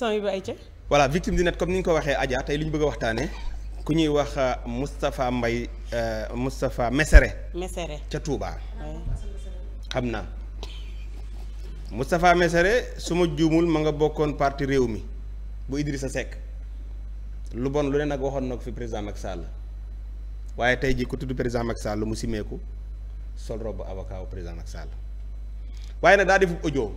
sëñ bi voilà victime di net comme ni ñu ko waxee Adja tey li ñu bëgg a waxtaanee ku ñuy wax euh, Moustapha Mbaye euh, Moustapha Mesere. Mesere ca tuubaa xam naa mustafaa Mesere su ma juumul ma nga bokkoon parti réew mi bu Idrissa Seck lu bon lu ne nag waxoon na ko fi président Macky Sall waaye tey jii ku tudd président Macky Sall mu simeeku sol robu avocat wu président Macky Sall waaye nag daa def audio.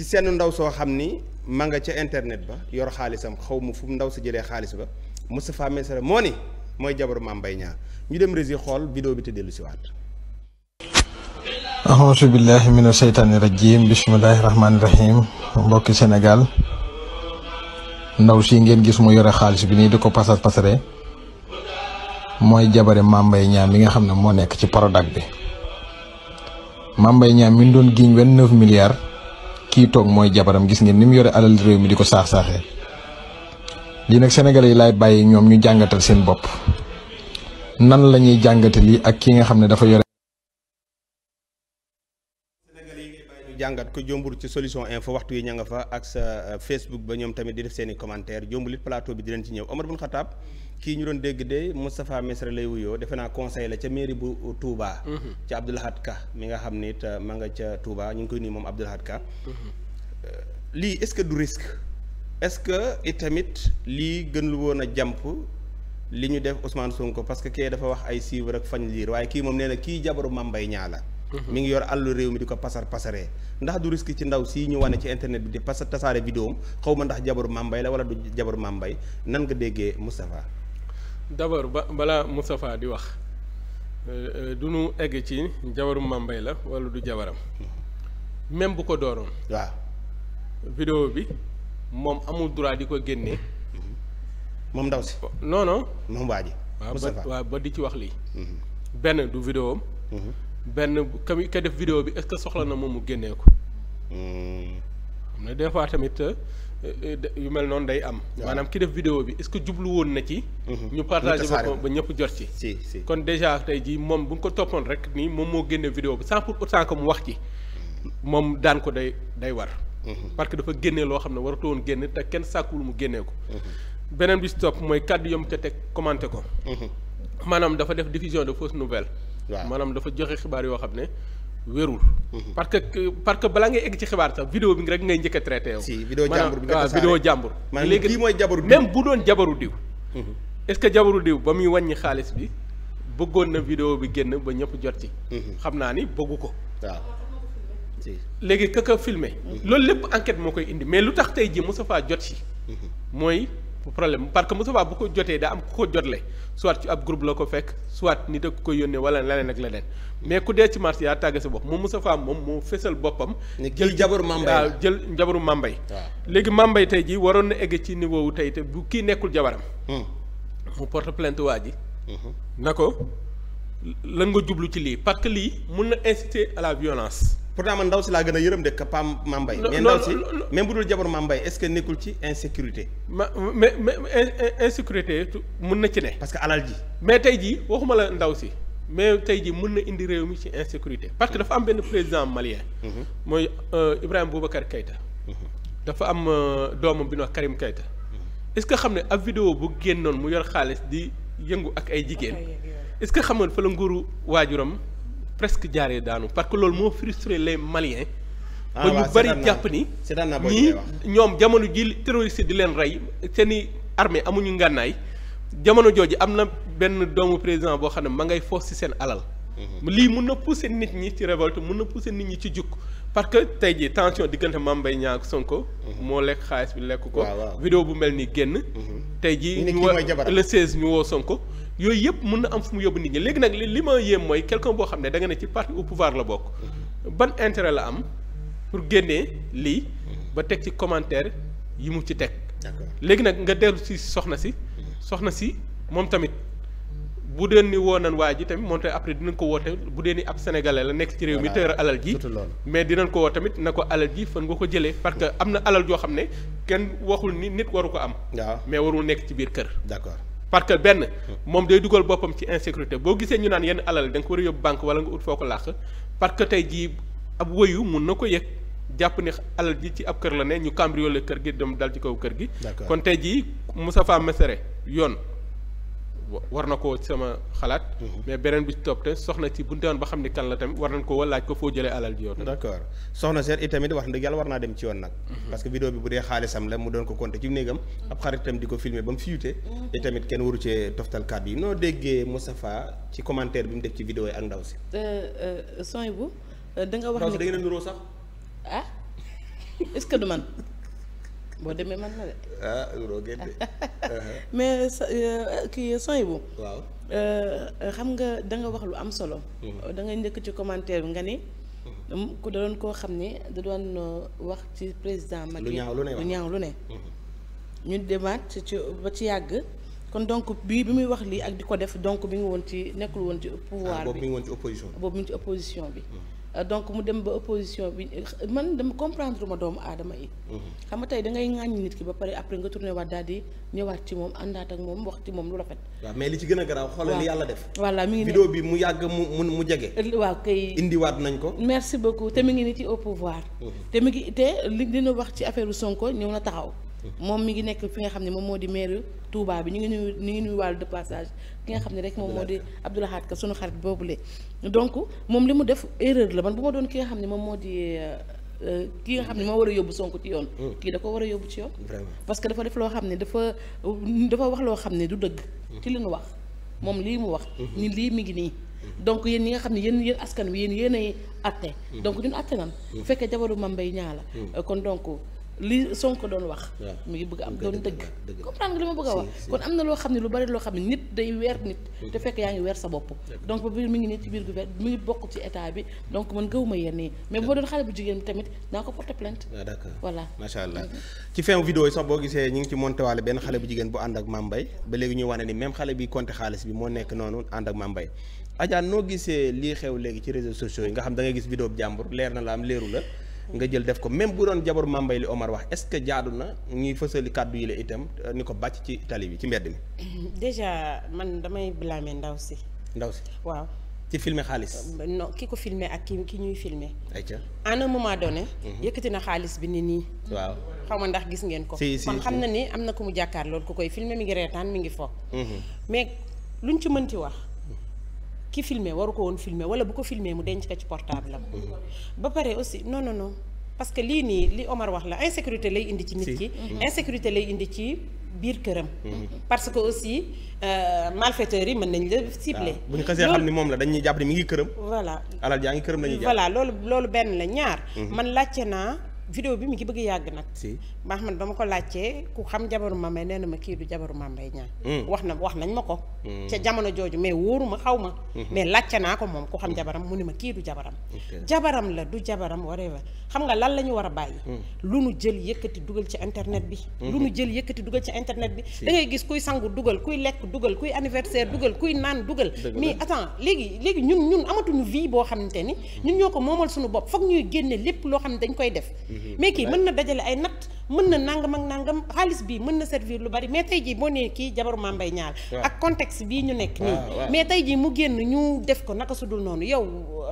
ci seen ndaw soo xam ni ma nga ca internet ba yor xaalisam xaw ma fu mu ndaw si jëlee xaalis ba Moustapha Messere moo ni mooy jabaru Mame Mbaye Niang ñu dem rési xool vidéo bi te dellu si waat ahousu billahi mina seytaani rajim bismillahi rahmaani rahim mbokki Sénégal ndaw si ngeen gis mu yore xaalis bi nii di ko pasar pasare mooy jabari Mame Mbaye Niang mi nga xam ne moo nekk ci Prodac bi Mame Mbaye Niang mi doon giñ vingt-neuf milliards kii toog mooy jabaram gis ngeen ni mu yore alal réew mi di ko saax-saaxee lii nag sénégalais yi lay bàyyi ñoom ñu jàngatal seen bopp nan la ñuy jàngate lii ak ki nga xam ne dafa yore jàngat ko jombur ci solution info waxtu yi ña nga fa ak sa euh, Facebook ba ñoom tamit di def seen i commentaire jombul it plateau bi di leen ci ñëw Omar bun Xataab kii ñu doon dégg de Moustapha Mesre lay wuyoo defe naa conseil la ca mairie bu Touba. Mhm. ci Abdoulahat Ka mi nga xam ni it euh, ma nga ca tuubaa ñu ngi koy nii moom Abdoulahat Ka. Mhm. Euh, lii est-ce que du risque. est-ce que it tamit lii gën lu woon a jàmp li ñu def Ousmane Sonko parce que dafa wax ay chiffres ak fañ liir waaye kii moom nee na kii jabaru Mambay ñaa mi ngi yor àllu réew mi di ko pasar pasaree ndax du risque ci ndaw si ñu wane ci internet bi di pasar tasaare vidéo xaw ma ndax jabaru mambay la wala du jabaru mambay nan nga déggee Moustapha d'abord ba balaa Moustapha di wax euh, euh, nu egg ci jabaru mambay la wala du jabaram même bu ko dooroon waaw vidéo bi moom amul droit di ko génnee moom ndaw si non non moom waa ji waaw ba di ci wax lii mhm. benn du vidéo benn kami ka vidéo bi est que soxla na moom mu génnee ko. xam hmm. fois tamit euh, euh, yu mel noonu day am. maanaam ki def vidéo bi est-ce que jublu woon na ci. Hmm. ñu partagé ko ba ñëpp jot ci. si si kon déjà tey jii moom bu ko toppoon rek nii moom génne vidéo bi sans pour autant que mu wax ci moom daan ko day day war. Hmm. parce que dafa génne loo xam ne waratu woon génne te kenn sàkkuwul mu génnee ko. beneen bi si topp mooy kàddu yom ca teg commenté ko. maanaam dafa def diffusion de fausses nouvelles. waaw maanaam dafa joxe xibaar yoo xam ne wérul mhm. parce que parce que balaa ngay egg ci xibaar sax vidéo bi rek ngay njëkk a traité yow si vidéo jàmbur bi nga waaw vidéo jàmbur léegi kii mooy jabaru diw même bu doon jabaru diw mhm. est-ce que jabaru diw ba muy wàññi xaalis bi bëggoon na vidéo bi génn ba ñëpp jot ci mhm. xam naa ni bëggu ko waaw léegi ka ka filmé loolu lépp enquête moo koy indi mais lu tax tey ji Moustapha jot ci mooy problème parce que Moustapha bu ko jotee daa am ku ko jotle soit ci ab groupe la ko fekk soit nit ak ko yónnee wala leneen ak dem mais ku dee ci marché yaa tàgge sa bopp moom Moustapha moom moo fesal boppam. jël jabaru Mambay waaw jël jabaru Mambay. léegi Mambay tey jii waroon na egg ci niveau wu tey te bu kii nekkul jabaram. Hmm. mu porte plainte waa ji. Hmm. na ko lan nga jublu ci lii parce que lii mun na inciter à la violence. pourtant man ndaw si laa gën a yërëm de que Pam Mame Mbaye mais ndaw si même bu dul jabar Mame Mbaye est-ce que nekkul ci insécurité. ma mais mais insécurité mën na ci ne. parce que alal ji. mais tey ji waxuma la ndaw si mais tey jii mun na indi réew mi ci insécurité parce que dafa am benn président malien. Mhm. mooy euh, Ibrahima Boubacar Keïta. Mhm. dafa am euh, doomam bi ñu wax Karim Keïta. Mhm. est-ce que xam ne ab vidéo bu génnoon mu yor xaalis di yëngu ak ay jigéen. est-ce que xam nga fa la nguuru waajuram. presque jaaree daanu parce que loolu moo frustré les Maliens. Ah, ba ñu bari jàpp ni ñii ñoom jamono ji terroriste di leen rey seeni armée amuñu ngànnaay jamono jooju am na benn doomu président boo xam ne ma ngay foos ci seen alal. Mhm. lii mun na seen nit ñi ci révolte mun na seen nit ñi ci jukk parce que tey jii tension diggante Mame Mbaye ñaa ak Sonko. Mhm. moo lekk xaalis bi lekk ko. vidéo bu mel ni génn. Mhm. tey jii ñu le 16 ñu woo Sonko. yooyu yëpp mën na am fu mu yóbbu nit ñi léegi nag li li ma yem mooy quelqu'un boo xam ne da nga ne ci parti au pouvoir la bokk mm-hmm. ban intérêt la am pour génnee lii mm-hmm. ba teg ci commentaire yi mu ci teg léegi nag nga dellu si soxna si mm-hmm. soxna si moom tamit bu deen ni woo nan ji tamit moom tamit après dinañ ko woo tamit bu deen ni ab sénégalais la nekk ci réew mi tër alal ji mais dinañ ko woo tamit na ko alal ji fan nga ko jëlee parce que am na alal joo xam ne kenn waxul ni nit waru ko am mais warul nekk ci biir kër d'accord parce que benn moom day dugal boppam ci insécurité boo gisee ñu naan yenn alal da nga ko war a yóbbu banque wala nga ut foo ko làq parce que tey jii ab wëyu mun na ko yëg jàpp ni alal ji ci ab kër la ne ñu cambriolé kër gi dem dal ci kaw kër gi. kon tey jii Moustapha Messere yoon. war na ko sama xalaat. Mhm. mais beneen bi ci topp te soxna si bu ñu ba xam ni kan la tamit war na ko laaj ko foo jëlee alal ji yow. d'accord soxna seet itamit wax dëgg war naa dem ci yoon nag. Mhm. parce que vidéo bi bu dee xaalisam la mu doon ko compter ci mu fiyute. itamit mhm. kenn waru cee toftal kàddu yi noo déggee Moustapha ci commentaire bi mu def ci vidéo yi ak ndaw si. Euh, euh, son euh, da nga wax ni da ngeen a niroo sax. ah est-ce du man. boo demee man na de. Ah, mais sa euh, kii sooy bu. waaw euh, xam nga danga wax lu am solo. Mhm. da njëkk ci commentaire bi nga ni. Mhm. ku da doon koo xam ni da doon euh, wax ci président Macky. lu ñaaw lu ne lu ñaaw lu ne. Mhm. ñu demaat ci ba ci yàgg. kon donc bii bi muy wax lii ak di ko def donc bi ngi woon ci nekkul woon ci pouvoir ah, bi boobu mi ngi woon boobu mi ci opposition bi. Euh, donc mu dem ba opposition bi man dama comprendre ma doomu aadama yi. Mm-hmm. xam nga tey da ngay nit ki ba pare après nga tourné waat daal di ñëwaat ci moom àndaat ak moom wax ci moom lu rafet. waaw mais li ci gën a garaaw xoolal li yàlla def. voilà mi ngi vidéo bi mu yàgg mu mu jege. waa kay indiwaat nañ ko. merci beaucoup te mi ngi ni ci au pouvoir. Mm-hmm. te mi ngi te li dina wax ci affaire Sonko ñëw na taxaw. moom mi ngi nekk fi nga xam ne moom moo di maire Touba bi ñu ngi nuyu ñu ngi nuyu wàllu de passage ki nga xam ne rek moom moo di Abdou Lahad Ka sunu xarit boobule. donc moom li mu def erreur la man bu ma doon ki nga xam ne moom moo di euh, euh, xam moo war a yóbbu Sonko ci yoon. Mm. kii da ko war a yóbbu ci yoon. parce que dafa def loo xam ne dafa dafa wax loo xam ne du dëgg. ci li wax moom lii mu wax. Mm-hmm. ni lii mi ngi nii. Mm-hmm. donc yéen ñi nga xam ne yéen yéen askan wi yéen yéen ay atte. Mm-hmm. donc ñun atte nan. bu fekkee jabaru Mame Mbaye Niang la euh, kon donc li Sonko doon wax. mu ngi bëgg am doon dëgg. comprendre nga li ma bëgg a wax. kon am na loo xam ne lu bari loo xam ne nit day weer nit. te fekk yaa ngi weer sa bopp. donc bi mi ngi nii ci biir gouvernement mi ngi bokk ci état bi donc man gëwuma yenn yi mais bu ma doon xale bu jigéen tamit naa ko porter plainte. Ah, d'accord voilà macha allah ci fin vidéo yi sax boo gisee ñu ngi ci monté waale benn xale bu jigéen bu ànd ak Mambay ba léegi ñuy wane ni même xale bi compté xaalis bi moo nekk noonu ànd ak Mambay Adja noo gisee lii xew léegi ci réseaux sociaux yi nga xam da gis vidéo bi jàmbur leer na am leeru la nga jël def ko même bu doon jabaru Mame Mbaye li Omar wax est-ce que jaadu na ñuy fësali kàddu yi la itam euh, ni ko bàcc ci tali bi ci mbedd mi. déjà man damay blâmer ndaw si. ndaw si waaw. ci filmer xaalis. Euh, non ki ko filmer ak ki ki ñuy filmer. ayca à un moment donné. Mhm. yëkkati na xaalis bi ni nii. waaw xaw ma ndax gis ngeen ko. si kon xam na ni am na ko mu jàkkaar loolu ku koy filmer mi ngi reetaan mi ngi fo. Mhm. mais luñ ci mënti wax. ki filmer waru ko woon filmer wala bu ko filmer mu denc ko ci portable am. Mhm. ba pare aussi non non non parce que lii nii li Omar wax la insécurité lay indi ci nit ki. Mhm. insécurité lay indi ci biir këram. Mhm. parce que aussi euh, malfaiteurs yi mën nañ la ciblé. Ah, bu ñu xasee xam ni moom la dañuy jàpp ni mi ngi këram. voilà alal jaa ngi këram la ñuy jàpp. voilà loolu loolu benn la ñaar. man laajte naa. vidéo bi mu ngi bëgg yàgg nag. si mbaax man dama ko laajtee ku xam jabaru Mambay nee na ma kii du jabaru Mambay ñaan hmm. wax na wax nañ ma ko. Hmm. ca jamono jooju mais wóoruma xaw ma. Hmm. mais laajte naa ko moom ku xam jabaram mu ne ma kii du jabaram. la du jabaram waree xam nga lan la ñu war a bàyyi. lu nu jël yëkkati dugal ci internet bi. lu nu jël yëkkati dugal ci internet bi. da ngay gis kuy sangu dugal kuy lekk dugal kuy anniversaire ah. dugal kuy naan dugal. mais attends léegi léegi ñun ñun amatuñu vie boo xamante ni. ñun ñoo ko moomal suñu bopp foog ñuy génne lépp loo xam ne dañ koy def mais kii mën na dajale ay natt mën na nangam ak nangam xaalis bi mën na servir lu bari mais tey jii boo nee kii jabaru mambay Mbaye Niang ak contexte bii ñu nekk nii ah, mais tey jii mu génn ñu def ko naka sudul noonu yow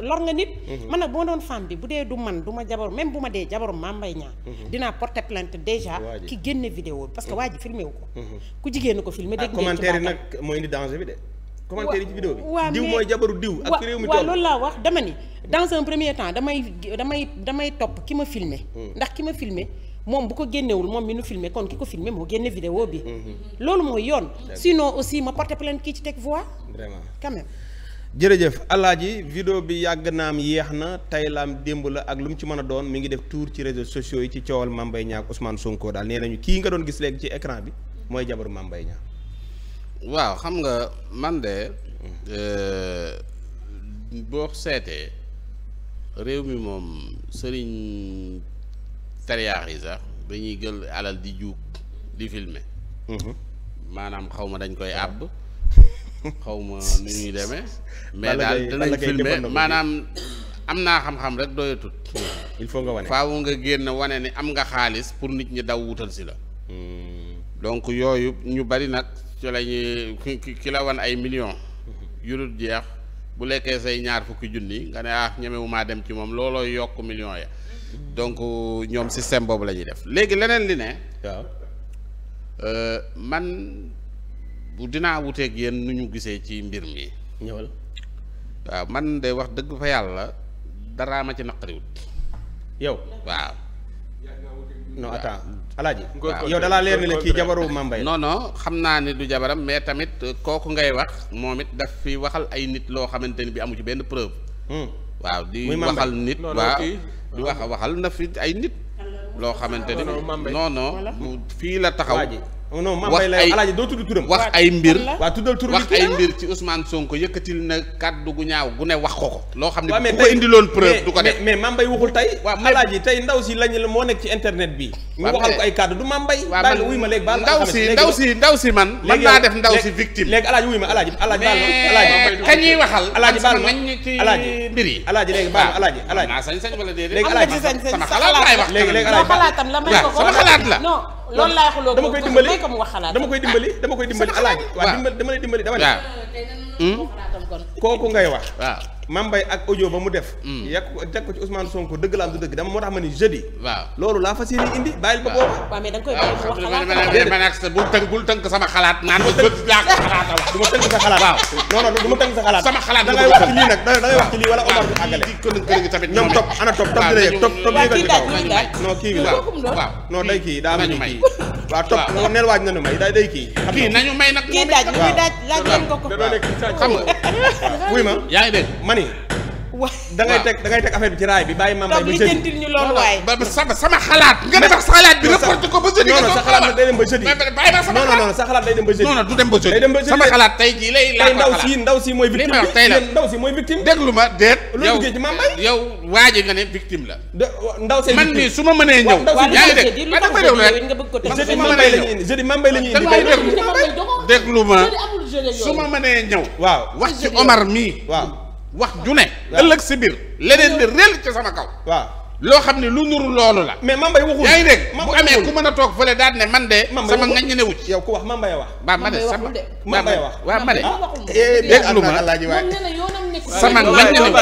lor nga nit mm-hmm. man nag bu ma doon femme bi bu dee du man du ma jabaru même bu ma dee jabaru Mame Mbaye Niang mm-hmm. dinaa porter plainte déjà ki génne vidéo bi parce que mm-hmm. waa ji filmé wu ko ku jigéen ko filmé ah, dégg commentaire yi nag moo indi danger bi de commentaire yi ci vidéo bi diw mooy jabaru diw ak réew mi toll waaw laa wax dama ni dans un damay damay damay topp ki ma filmé hmm. ndax ki ma filmé moom bu ko génnewul moom mi nu filmé kon ki ko filmé moo génne vidéo bi hmm, hmm. loolu mooy yoon sinon aussi ma porté plainte kii ci teg voix vraiment quand même jërëjëf alaaji vidéo bi yàgg naam yeex na tey laam démb la ak lu mu ci mën a doon mi ngi def tour ci réseaux sociaux yi ci coowal Mame Mbaye Niang ak Ousmane Sonko daal nee nañu kii nga doon gis léegi ci ecran bi mooy jabaru Mame Mbaye waaw xam nga man de euh, boo seetee réew mi moom sëriñ tariyaax yi sax dañuy jël alal di juug di filmer mhm. maanaam xaw ma dañ koy àbb xaw ma nu ñuy demee mais daal danañ filmer maanaam am naa xam-xam rek doyatut mhm. il faut nga wane faaw nga génn wane ni am nga xaalis pour nit ñi daw wutal si la mhm. donc yooyu ñu bari nag ci lañuy ki ki la wan ay millions yu dul jeex bu lekkee say ñaar fukki junni nga ne ah ñemewu dem ci moom looloo yokk million ya donc ñoom système boobu lañuy def léegi leneen li ne waaw euh, man bu dinaa wuteeg yéen nu ñu gisee ci mbir mi ñëwal waaw man de wax dëgg fa yàlla daraa ma ci naqariwut yow waaw alaaji yow dalaa leer ni la kii jabaru mambay non non xam naa ne du jabaram mais tamit kooku ngay wax moom it daf fi waxal ay nit loo xamante ni bi amu ci benn preuve hmm. waaw di waxal nit waaw di wax waxal na fi ay nit loo xamante ni non fii la taxaw Oh non Mame Mbaye Niang alaaji doo tudd turam wax ay mbir waa tuddal turam wax ay mbir ci Ousmane Sonko yëkkatil na kàddu gu ñaaw gu ne wax ko ko loo xam ne bu ko indiloon preuve du ko def mais Mame Mbaye waxul tey waaw alaaji tey ndaw si lañu la moo nekk ci internet bi ñu waxal ko ay kàddu du Mame Mbaye baal wuy ma léegi baal ndaw si ndaw si man man naa def ndaw si victime léegi alaaji wuy ma alaaji alaaji baal alaaji ka ñuy waxal alaaji baal ma alaaji mbir yi alaaji léegi baal alaaji alaaji naa sañ sañ wala déedéet léegi alaaji sama xalaat laay wax léegi léegi alaaji sama xalaat la loolu laay xuloo dama koy dimbali dama koy dimbali dama koy dimbali alaaji waaw dama lay dimbali dama ne kooku ngay wax waaw Mambay ak audio ba mu def. Mm. yàq ko teg ko ci Ousmane Sonko dëgg laa du dëgg dama moo tax ma ni jeudi. loolu laa fas yéene indi bàyyil ba boobu. waaw mais da nga koy bàyyi mu wax xalaat sama xalaat naan du ma tënk sa xalaat. waaw non non du ma tënk sa xalaat. sama xalaat da ngay wax ci lii nag da ngay wax ci lii wala Omar du àggale. ñoom topp ana topp topp dina yëg topp topp yëgal ci kaw non kii bi la waaw non day kii daa mel ni kii waaw topp moom neel waaj ñu may day day kii. kii nañu may nag. kii daaj kii daaj laaj leen ko ko. xam nga wuy ma yaa ngi dégg mani waaw da ngay teg da ngay teg affaire bi ci raay bi bàyyi maam. ba jëndi sama xalaat. nga dem sa xalaat bi reporté ko ba jeudi. non non sa xalaat day ba jeudi. bàyyi sa xalaat du dem ba jeudi sama xalaat tey jii lay. laa ndaw si mooy. victime bi la ndaw si ma déet. yow lu ci maam bay. yow waaji nga ne victime la. ndaw see man mii su ma mënee ñëw. yaa ngi dégg man dama déglu rek jeudi maam bay la ñuy su ma mënee ñëw waaw wax ci Omar mii wax ju ne. ëllëg si biir leneen di réel ci sama kaw. waaw loo xam ne lu nuru loolu la. mais Mame Mbaye waxul yaa ngi dégg bu amee ku mën a toog fële daal ne man de. sama ngañ ne wut yow ku wax Mame Mbaye wax. ma ne sama wax waaw ma ne. ma eh, eh, sama ngañ ne wut.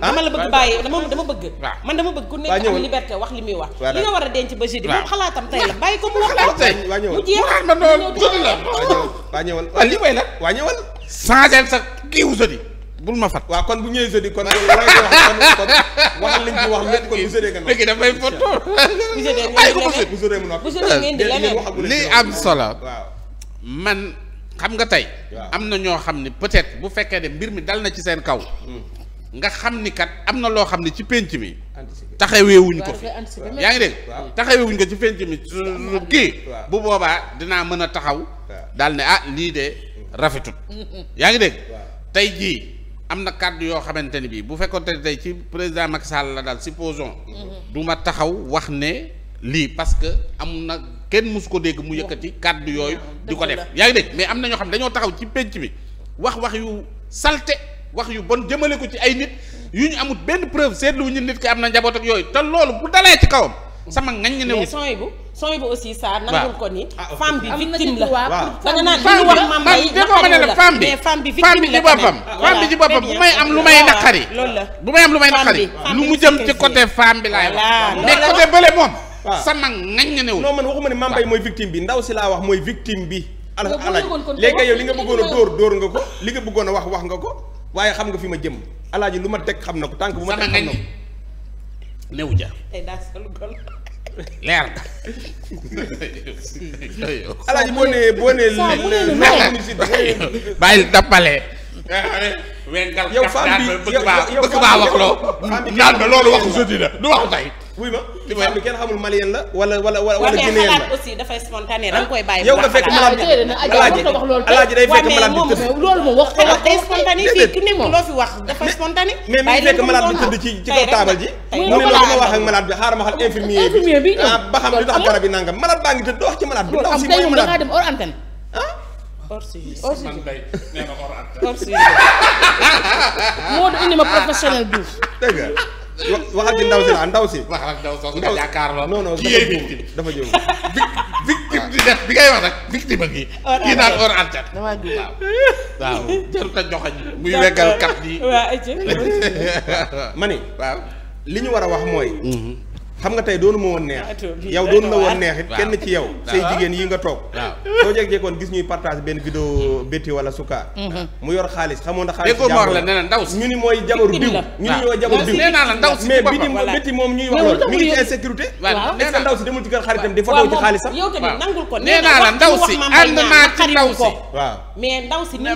dama la bëgg bàyyi dama dama bëgg. waaw man dama bëgg ku nekk am liberté wax li muy wax. li nga war a denc ba jeudi. moom xalaatam tey la bàyyi ko mu wax la tey mu jeex ma noonu jënd waa ñëwal waa ñëwal waa ñëwal. changé sa kii bul ma fat waaw kon bu ñëwee jeudi kon loolu war wax kon wax lépp ko bu jeudi mu noppi. bu jeudi ngeen di leneen li am solo. man xam nga tey. am na ñoo xam ne peut-être bu fekkee de mbir mi dal na ci seen kaw. Hmm. nga xam ni kat am na loo xam ne ci pénc mi. taxaweewuñ ko fi yaa ngi dégg. taxaweewuñ ko ci pénc mi kii. bu boobaa dinaa mën a taxaw. daal ne ah lii de rafetut. Hmm, hmm. yaa ngi dégg tey jii. am na kàdd yoo xamante ni bii bu fekkoon te tey ci président Macky Sall la daal supposons. Mhm. du ma taxaw wax ne lii parce que am na kenn mosu ko dégg mu yëkkati kàddu yooyu. di ko def yaa ngi dégg mais am na ñoo xam dañoo taxaw ci pénc bi wax wax yu salte wax yu bon jëmale ko ci ay nit yu ñu amut benn preuve seetlu ñu nit ki am na njaboot ak yooyu te loolu bu dalee ci kawam. sama ngañ ne wu sooy bu aussi ça nangul ko ni ah, femme bi victime la da nga naan li wax ma may ma ne la femme bi femme bi femme bi ci boppam femme bi ci boppam bu may am lu may naqari bu may am lu may naqari lu mu jëm ci côté femme bi laay wax mais côté bële moom sama ngañ nga newul non man waxuma ne Mame mooy victime bi ndaw si laa wax mooy victime bi ala alaaj léegi yow li nga bëggoon a dóor dóor nga ko li nga bëggoon a wax wax nga ko waaye xam nga fi ma jëm alaaji lu ma teg xam na ko tànk bu ma teg xam na ko newu ja leer alaaji boo nee boo nee. saa bu nee nee bàyyil tappale. yow femme bi yow wuy ma femme bi kenn xamul malien la wala wala wala guinéen la xalaat aussi dafay spontané da nga koy bàyyi yow nga fekk malade alaaji day fekk malade bi tëdd loolu moom wax ko wax day spontané fii ku nekk loo fi wax dafa spontané mais mi fekk malade bi tëdd ci ci kaw taabal ji mu ne loolu ma wax ak malade bi xaaral ma xam infirmier bi ah, ba xam li tax garab yi nangam malade baa ngi tëdd doo wax ci malade bi ndaw si mooy malade da nga dem ah? hors antenne hors sujet hors sujet man day nee ma hors antenne hors sujet moo indi ma professionnel dëgg waxal ci ndaw si la ndaw si. waxal ndaw soosu nga jàkkaarloo. non non kii yee victime dafa jëm. victime di def bi ngay wax nag victime ak yi. kii naan or àncat. damaa waaw. waaw jarut a joxoñ muy weggal kat yi. waaw ayca. ma waaw li ñu war a wax mooy. xam nga tey doonu ma woon neex yow doonu la woon neex kenn ci yow say jigéen yi nga toog soo jeg-jekoon gis ñuy partage benn vidéo mm-hmm. bétti wala sukaar mm-hmm. mu yor xaalis xamoon na xaalis jàmbur la nee na ndaw si la ndaw si mais bi di bétti moom ñuy wax loolu mi ngi ci insécurité waaw est kër xaritam di fotoo ci xaalis sax nee naa la ndaw si ànd naa ci ndaw si mais ndaw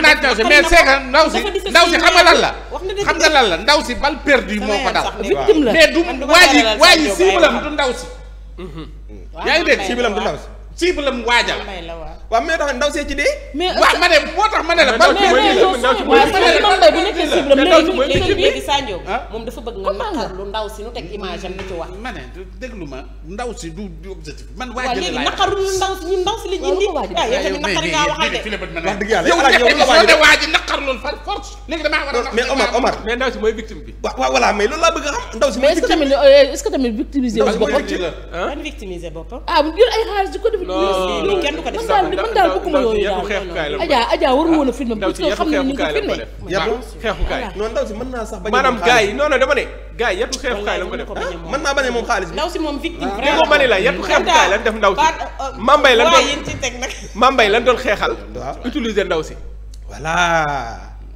ndaw si ndaw si ndaw si xam nga la xam nga lan la ndaw si bal perdu moo ko dal mais waa ji waa ji siibalam du ndaw si. Mm-hmm. yaa ngi dégg siibalam du ndaw si siibalam waaja la. waaw mais tax ndaw see ci mais waaw ma ne moo tax ma ne la. ndaw si dafa bëgg nga naqar lu ndaw si ma ne déglu naqar loolu far force. léegi damaa war a naqar mais Omar Omar. mais ndaw si mooy victime bi. waaw waaw mais loolu laa bëgg a ndaw si. mais est-ce tamit est-ce que tamit victimiser boppam. ah. ah ay xaalis di ko def. non non kenn du ko def man daal bëgguma yooyu daal Adja Adja waru woon a filmé parce que xam nañu ñu ko filmé yatu xeexukaay non naa sax bañ maanaam gars yi non non dama ne gars yi yatu xeexukaay la ko def mën naa bañ moom xaalis bi ndaw si moom ma ne la yatu xeexukaay lan def ndaw si euh, euh, mambay lan doon mambay lan doon ndaw si voilà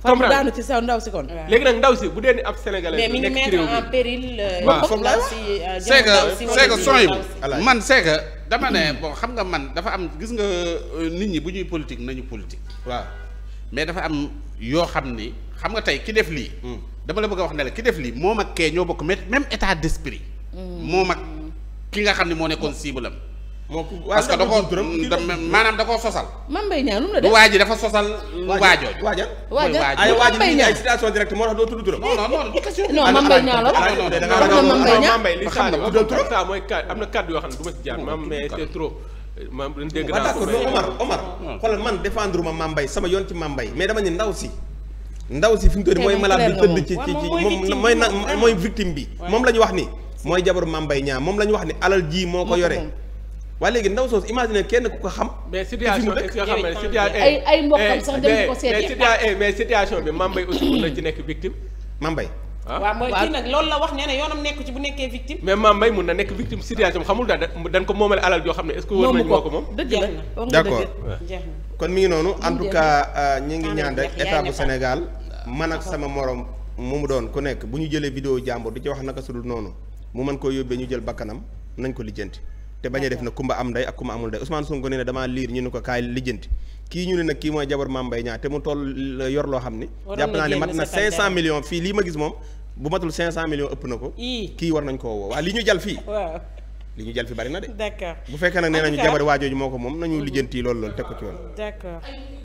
comme daanu ci sa ndaw si kon. léegi nag ndaw si bu dee ni ab sénégalais. mais mi ngi mettre en péril. Euh, waaw comme la man c'est dama ne bon xam nga man dafa am gis nga euh, nit ñi bu ñuy politique nañu politique. waaw mais dafa am yoo xam ni xam nga tey ki def lii. Hmm. dama la bëgg a wax ne la ki def lii moom ak kee ñoo bokk même état d'esprit. Hmm. moom ak ki nga xam ne moo nekkoon cible am. moo ko parce que da koo maanaam da koo sosal. Mame Mbaye Niang lu mu la waa ji dafa sosal. waajoo waaja waaja ay ay citation directe moo tax doo tudd turam. non non non du question. non Mame Mbaye Niang la Mame am na kàddu yoo xam ne du ma ci jaar Mame Mbaye c'est trop. maam dégg naa Omar Omar. xoolal man défendre ma Mame Mbaye sama yoon ci mambay Mbaye mais dama ne ndaw si. ndaw si fi mu toll mooy malade bi tëdd ci ci ci moom mooy na mooy victime bi moom la ñu wax ni mooy jabaru Mame Mbaye Niang moom la ñu wax ni alal jii moo ko yore waaye léegi ndaw soosu imaginer kenn ku ko xam. mais situation bi xam ne situation ay ay mbokkam eh, sax eh, eh, mais situation bi Mame Mbaye na ci nekk victime Mame Mbaye ah? waaw mooy kii nag loolu la wax nee na yoonam ci bu nekkee victime mais Mame Mbaye mun na nekk victime situation xamul daal dañ ko moomale alal joo xam ne est-ce que wóor nañ moo ko moom dëgg na d'accord kon mi ngi noonu en tout cas euh, ñi ngi ñaan rek état bu Sénégal man ak sama moroom mu mu doon ku nekk bu ñu jëlee vidéo jàmbur di ci wax naka sudul noonu mu mën koo yóbbee ñu jël bakkanam nañ ko lijjant te bañ a def na kumba am nday ak kumba amul nday Ousmane Sonko nee na damaa liir ñu ne ko kaay lijjanti kii ñu ne nag kii mooy jabar Mame Mbaye Niang te mu toll yor loo xam ni jàpp naa ne mat na 500 millions fii lii ma gis moom bu matul 500 millions ëpp na ko kii war nañ koo waa li ñu jal fii li ñu jal fi bari na de bu fekkee nag nee nañu jabar waajooju moo ko moom nañu lijjanti loolu loolu teg ko ci woon